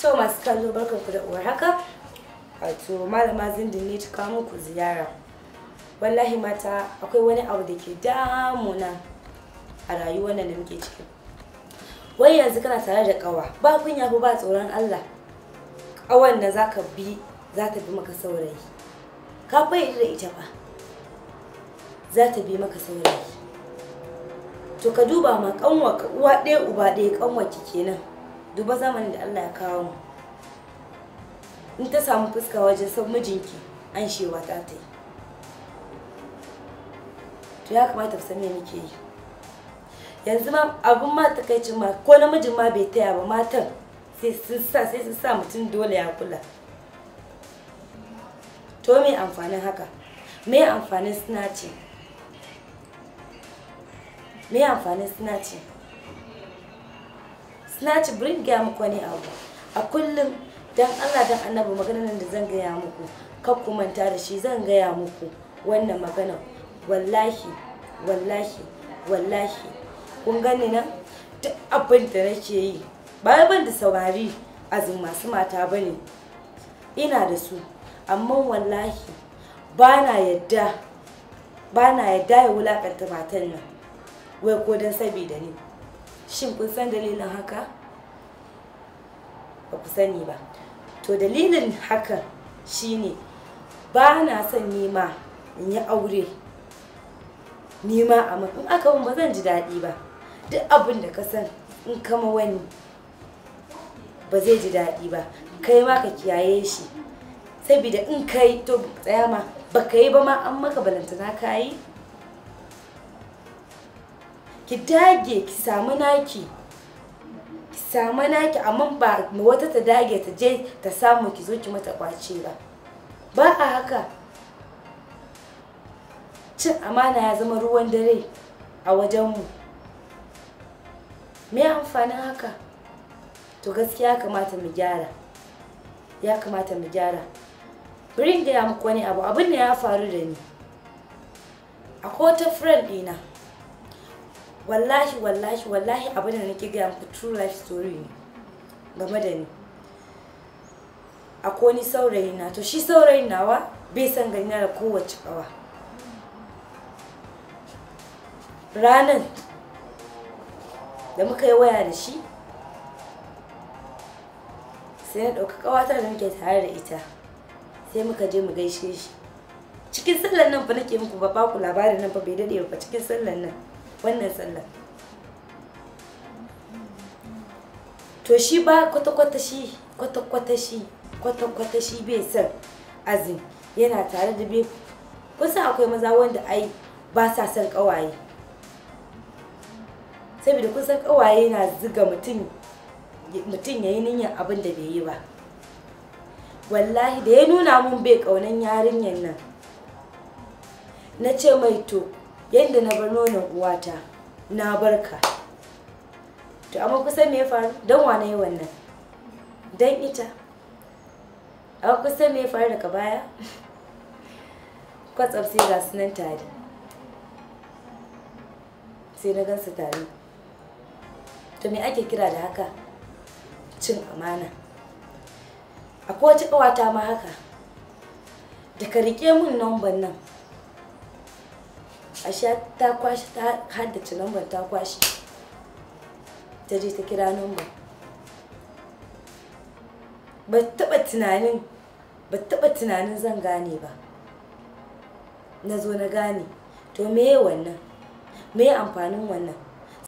To masu kallo barkanku da uwar haka. Wato malama zindin ne cika muku ziyara. Wallahi mata akwai wani abu da ke damuna a rayuwar nan da muke ciki. Wai yanzu kana tare da kawa ba kunya ko ba tsoron Allah. Kawan da zaka bi za ta bi maka saurayi. Ka fayyade da ita ba. Za ta bi maka saurayi. To ka duba ma kanwa uwa ɗaya uba ɗaya kanwa ki kenan. duba zamanin da Allah ya kawo mu in ta samu fuska wajen san mijinki an shewa ta ta yi to ya kamata ku san me muke yi yanzu ma abun ma ta takaicin ma ko namijin ma bai taya ba matan sai sun sa sai sun sa mutum dole ya kula to me amfanin haka me amfanin suna ce me amfanin suna ce na ci burin gaya muku wani abu a kullum dan Allah dan annabi maganar da zan gaya muku kar ku manta da shi zan gaya muku wannan magana wallahi wallahi wallahi kun gani nan duk abin da nake yi ba ban da saurari azin masu mata bane ina da su amma wallahi bana yadda bana yadda ya wulakanta matan nan wai ko don sabida ni shin kun san dalilin haka ba ku sani ba to dalilin haka shine ba na son nima in yi aure nima a in aka mun ba zan ji daɗi ba duk abin da ka san in kama wani ba zai ji daɗi ba kai ma ka kiyaye shi saboda in kai to tsaya ma ba yi ba ma an maka balantana ka yi ki dage ki samu naki ki samu naki amma ba wata ta dage ta je ta samu ki zo ki mata kwace ba ba a haka cin amana ya zama ruwan dare a wajenmu me amfanin haka to gaskiya kamata mu gyara ya kamata mu gyara bring da ya muku wani abu abin da ya faru da ni akwai wata friend ɗina wallahi wallahi wallahi abin da nake gaya muku true life story ne game da ni a ni saurayi na to shi saurayin nawa bai san gani na da kowace kawa ranan da muka yi waya da shi sai na ɗauka ƙawata da muke tare da ita sai muka je mu gaishe shi cikin sallan nan fa nake muku ba ku labarin nan fa bai daɗe ba cikin sallan nan wannan sallar to shi ba kwata-kwata shi kwata-kwata shi kwata-kwata shi bai san azin yana tare da bai kusan akwai maza wanda ai ba sa son kawaye saboda kusan kawaye na ziga mutum mutum ya yi niyyar abin da bai yi ba wallahi da ya nuna mun bai kaunan yarinyar nan na ce mai to yadda na bar nonon uwata na barka to amma kusan me ya faru don wane yi wannan don ita amma kusan me ya faru daga baya kwatsam sai ga su nan tare sai na gansu tare to me ake kira da haka cin amana akwai wata ƙawata ma haka da ka riƙe min nomban nan ashe ta kwashi ta haddace lambar ta kwashi ta je ta kira lambar ba taba tunanin ba taba tunanin zan gane ba na zo na gane to me wannan me amfanin wannan